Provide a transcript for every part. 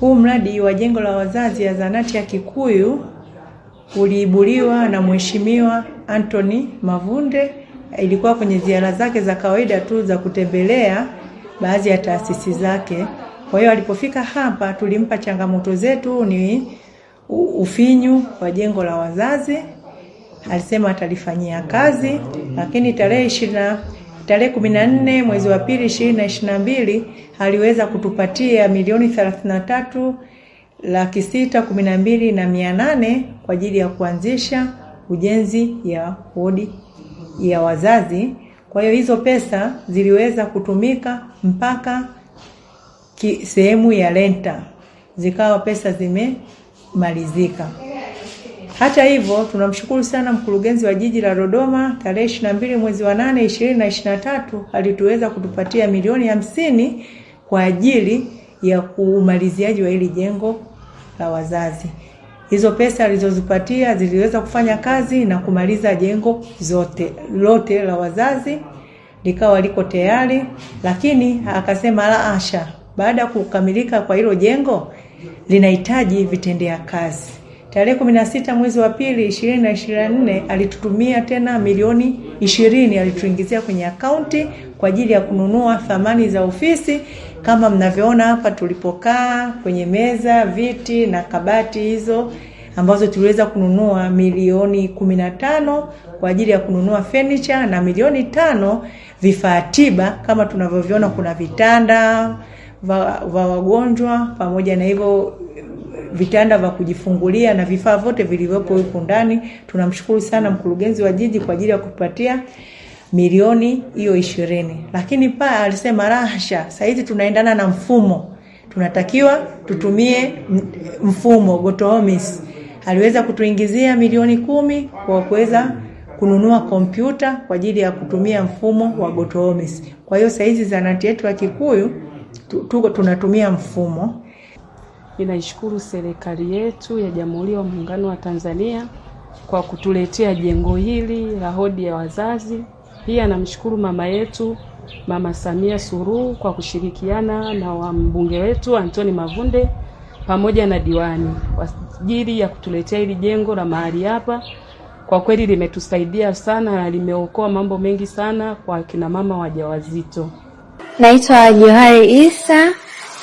Huu mradi wa jengo la wazazi ya zahanati ya Kikuyu uliibuliwa na Mheshimiwa Anthony Mavunde, ilikuwa kwenye ziara zake za kawaida tu za kutembelea baadhi ya taasisi zake. Kwa hiyo alipofika hapa, tulimpa changamoto zetu ni ufinyu wa jengo la wazazi, alisema atalifanyia kazi, lakini tarehe ishirini tarehe 14 mwezi wa pili 2022 aliweza kutupatia milioni 33 laki sita kumi na mbili na mia nane kwa ajili ya kuanzisha ujenzi ya wodi ya wazazi. Kwa hiyo hizo pesa ziliweza kutumika mpaka sehemu ya renta, zikawa pesa zimemalizika. Hata hivyo, tunamshukuru sana mkurugenzi wa jiji la Dodoma, tarehe na mbili mwezi wa nane na na tatu alituweza kutupatia milioni hamsini kwa ajili ya kumaliziaji wa hili jengo la wazazi. Hizo pesa alizozipatia ziliweza kufanya kazi na kumaliza jengo zote lote la wazazi likawa liko tayari, lakini akasema la asha, baada ya kukamilika kwa hilo jengo linahitaji vitendea kazi Tarehe 16 mwezi wa pili 2024 alitutumia tena milioni 20 alituingizia kwenye akaunti kwa ajili ya kununua thamani za ofisi kama mnavyoona hapa tulipokaa kwenye meza, viti na kabati hizo ambazo tuliweza kununua milioni 15 kwa ajili ya kununua furniture na milioni tano vifaa tiba kama tunavyoviona kuna vitanda vya wagonjwa pamoja na hivyo vitanda vya kujifungulia na vifaa vyote vilivyopo huko ndani. Tunamshukuru sana mkurugenzi wa jiji kwa ajili ya kupatia milioni hiyo ishirini, lakini pa alisema rahasha, sahizi tunaendana na mfumo, tunatakiwa tutumie mfumo Gotohomis. Aliweza kutuingizia milioni kumi kwa kuweza kununua kompyuta kwa ajili ya kutumia mfumo wa Gotohomis. Kwa hiyo sahizi zanati yetu ya Kikuyu tuko tunatumia mfumo Ninaishukuru serikali yetu ya Jamhuri ya Muungano wa Tanzania kwa kutuletea jengo hili la hodi ya wazazi. Pia namshukuru mama yetu Mama Samia Suluhu kwa kushirikiana na wambunge wetu antoni Mavunde pamoja na diwani kwa ajili ya kutuletea hili jengo la mahali hapa. Kwa kweli limetusaidia sana na limeokoa mambo mengi sana kwa kina mama wajawazito. Naitwa Johari Isa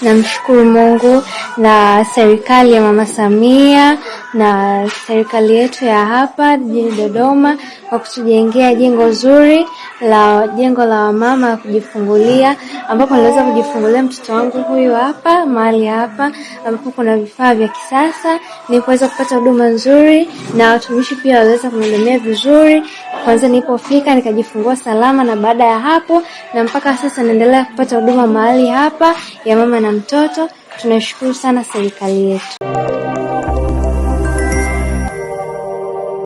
Namshukuru Mungu na serikali ya Mama Samia na serikali yetu ya hapa jijini Dodoma kwa kutujengea jengo zuri la jengo la wamama kujifungulia, ambapo niliweza kujifungulia mtoto wangu huyu hapa mahali hapa, ambapo kuna vifaa vya kisasa. kuweza kupata huduma nzuri na watumishi pia waliweza kunihudumia vizuri, kwanza nilipofika nikajifungua salama, na baada ya hapo na mpaka sasa naendelea kupata huduma mahali hapa ya mama na mtoto. Tunashukuru sana serikali yetu.